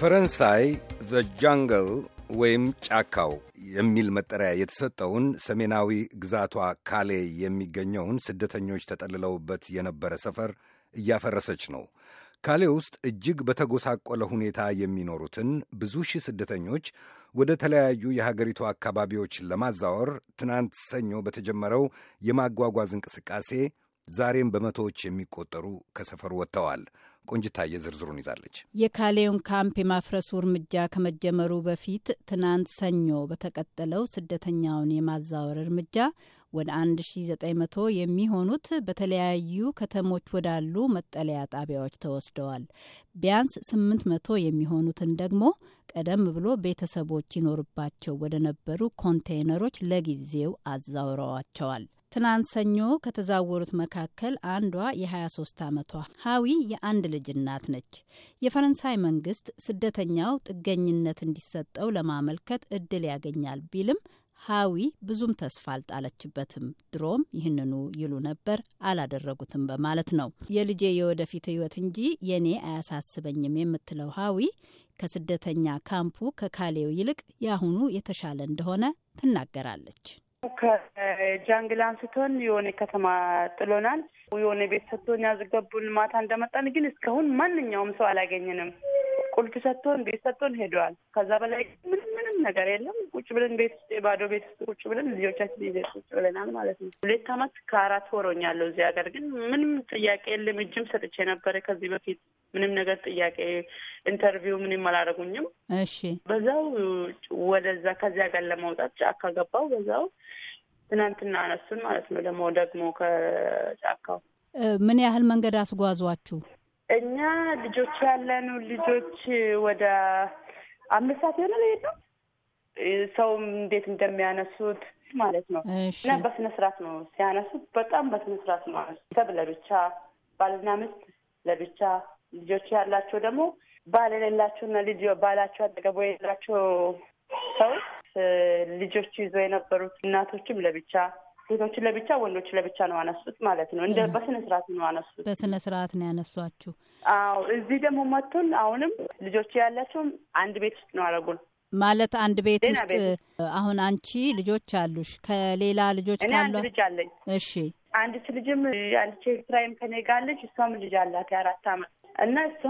በፈረንሳይ ዘ ጃንግል ወይም ጫካው የሚል መጠሪያ የተሰጠውን ሰሜናዊ ግዛቷ ካሌ የሚገኘውን ስደተኞች ተጠልለውበት የነበረ ሰፈር እያፈረሰች ነው። ካሌ ውስጥ እጅግ በተጎሳቆለ ሁኔታ የሚኖሩትን ብዙ ሺህ ስደተኞች ወደ ተለያዩ የሀገሪቱ አካባቢዎች ለማዛወር ትናንት ሰኞ በተጀመረው የማጓጓዝ እንቅስቃሴ ዛሬም በመቶዎች የሚቆጠሩ ከሰፈሩ ወጥተዋል። ቆንጅታ የዝርዝሩን ይዛለች። የካሌውን ካምፕ የማፍረሱ እርምጃ ከመጀመሩ በፊት ትናንት ሰኞ በተቀጠለው ስደተኛውን የማዛወር እርምጃ ወደ 1900 የሚሆኑት በተለያዩ ከተሞች ወዳሉ መጠለያ ጣቢያዎች ተወስደዋል። ቢያንስ 800 የሚሆኑትን ደግሞ ቀደም ብሎ ቤተሰቦች ይኖርባቸው ወደ ነበሩ ኮንቴይነሮች ለጊዜው አዛውረዋቸዋል። ትናንት ሰኞ ከተዛወሩት መካከል አንዷ የ23 ዓመቷ ሀዊ የአንድ ልጅ እናት ነች። የፈረንሳይ መንግስት ስደተኛው ጥገኝነት እንዲሰጠው ለማመልከት እድል ያገኛል ቢልም ሀዊ ብዙም ተስፋ አልጣለችበትም። ድሮም ይህንኑ ይሉ ነበር አላደረጉትም በማለት ነው። የልጄ የወደፊት ህይወት እንጂ የኔ አያሳስበኝም የምትለው ሀዊ ከስደተኛ ካምፑ ከካሌው ይልቅ የአሁኑ የተሻለ እንደሆነ ትናገራለች። ከጃንግል አንስቶን የሆነ ከተማ ጥሎናል። የሆነ ቤት ሰጥቶን ያዝገቡን። ማታ እንደመጣን ግን እስካሁን ማንኛውም ሰው አላገኘንም። ቁልፍ ሰጥቶን ቤት ሰጥቶን ሄደዋል። ከዛ በላይ ምንም ምንም ነገር የለም። ቁጭ ብለን ቤት ውስጥ ቤት ውስጥ ቁጭ ብለን ልጆቻችን ይዘ ቁጭ ብለናል ማለት ነው። ሁለት አመት ከአራት ወሮኛለሁ እዚህ ሀገር ግን ምንም ጥያቄ የለም። እጅም ሰጥቼ ነበረ ከዚህ በፊት ምንም ነገር ጥያቄ ኢንተርቪው ምንም አላደረጉኝም። እሺ በዛው ወደዛ ከዚያ ጋር ለመውጣት ጫካ ገባው። በዛው ትናንትና አነሱን ማለት ነው። ደግሞ ደግሞ ከጫካው ምን ያህል መንገድ አስጓዟችሁ? እኛ ልጆች ያለን ልጆች ወደ አምስት ሰዓት የሆነ ሄድ ነው። ሰውም እንዴት እንደሚያነሱት ማለት ነው እና በስነ ስርዓት ነው ሲያነሱት፣ በጣም በስነ ስርዓት ነው። ሰብ ለብቻ ባልና ሚስት ለብቻ ልጆች ያላቸው ደግሞ ባል የሌላቸውና ልጅ ባላቸው አጠገቡ የሌላቸው ሰዎች ልጆች ይዞ የነበሩት እናቶችም ለብቻ ሴቶችን ለብቻ ወንዶችን ለብቻ ነው አነሱት ማለት ነው። እንደ በስነ ስርዓት ነው አነሱት። በስነ ስርዓት ነው ያነሷችሁ? አዎ። እዚህ ደግሞ መቶን አሁንም ልጆች ያላቸውም አንድ ቤት ውስጥ ነው አረጉን ማለት አንድ ቤት ውስጥ አሁን አንቺ ልጆች አሉሽ? ከሌላ ልጆች ካሉ? አንድ ልጅ አለኝ። እሺ። አንዲት ልጅም አንዲት ኤርትራዊም ከኔ ጋር አለች። እሷም ልጅ አላት የአራት አመት እና እሷ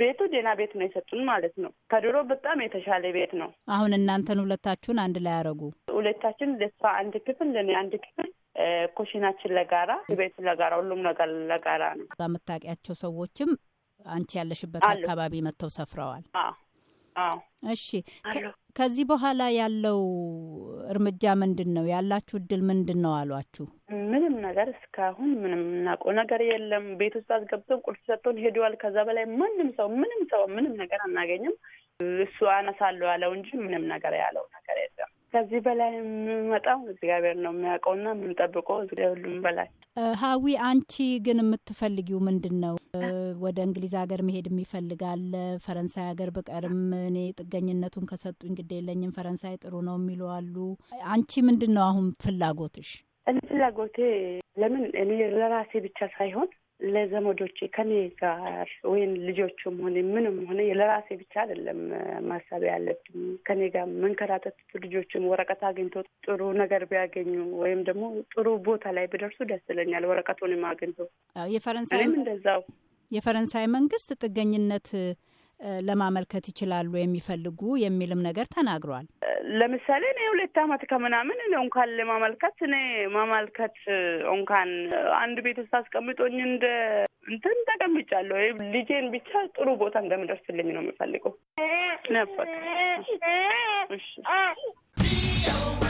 ቤቱ ደህና ቤት ነው የሰጡን ማለት ነው። ከድሮ በጣም የተሻለ ቤት ነው። አሁን እናንተን ሁለታችሁን አንድ ላይ ያደረጉ ሁለታችን ለሷ አንድ ክፍል ለእኔ አንድ ክፍል ኩሽናችን ለጋራ ቤቱ ለጋራ ሁሉም ነገር ለጋራ ነው። የምታውቂያቸው ሰዎችም አንቺ ያለሽበት አካባቢ መጥተው ሰፍረዋል። እሺ፣ ከዚህ በኋላ ያለው እርምጃ ምንድን ነው? ያላችሁ እድል ምንድን ነው አሏችሁ? ምንም ነገር እስካሁን ምንም እናውቀው ነገር የለም። ቤት ውስጥ አስገብተው ቁልፍ ሰጥተውን ሄደዋል። ከዛ በላይ ማንም ሰው ምንም ሰው ምንም ነገር አናገኝም። እሱ አነሳለሁ ያለው እንጂ ምንም ነገር ያለው ነገር የለም። ከዚህ በላይ የምመጣው እግዚአብሔር ነው የሚያውቀውና የምንጠብቀው ሁሉም በላይ ሀዊ አንቺ ግን የምትፈልጊው ምንድን ነው? ወደ እንግሊዝ ሀገር መሄድ የሚፈልጋለ ፈረንሳይ ሀገር ብቀርም እኔ ጥገኝነቱን ከሰጡኝ ግድ የለኝም ፈረንሳይ ጥሩ ነው የሚሉ አሉ። አንቺ ምንድን ነው አሁን ፍላጎትሽ? እኔ ፍላጎቴ ለምን እኔ ለራሴ ብቻ ሳይሆን ለዘመዶቼ ከኔ ጋር ወይም ልጆቹም ሆነ ምንም ሆነ ለራሴ ብቻ አይደለም ማሰብ ያለብኝ። ከኔ ጋር መንከራተት ልጆችም ወረቀት አግኝቶ ጥሩ ነገር ቢያገኙ ወይም ደግሞ ጥሩ ቦታ ላይ ቢደርሱ ደስ ይለኛል። ወረቀቱንም አግኝቶ የፈረንሳይም እንደዛው የፈረንሳይ መንግስት ጥገኝነት ለማመልከት ይችላሉ የሚፈልጉ የሚልም ነገር ተናግሯል። ለምሳሌ እኔ ሁለት አመት ከምናምን እንኳን ለማመልከት እኔ ማመልከት እንኳን አንድ ቤት ውስጥ አስቀምጦኝ እንደ እንትን ተቀምጫለሁ። ልጄን ብቻ ጥሩ ቦታ እንደምደርስልኝ ነው የሚፈልገው ነበር።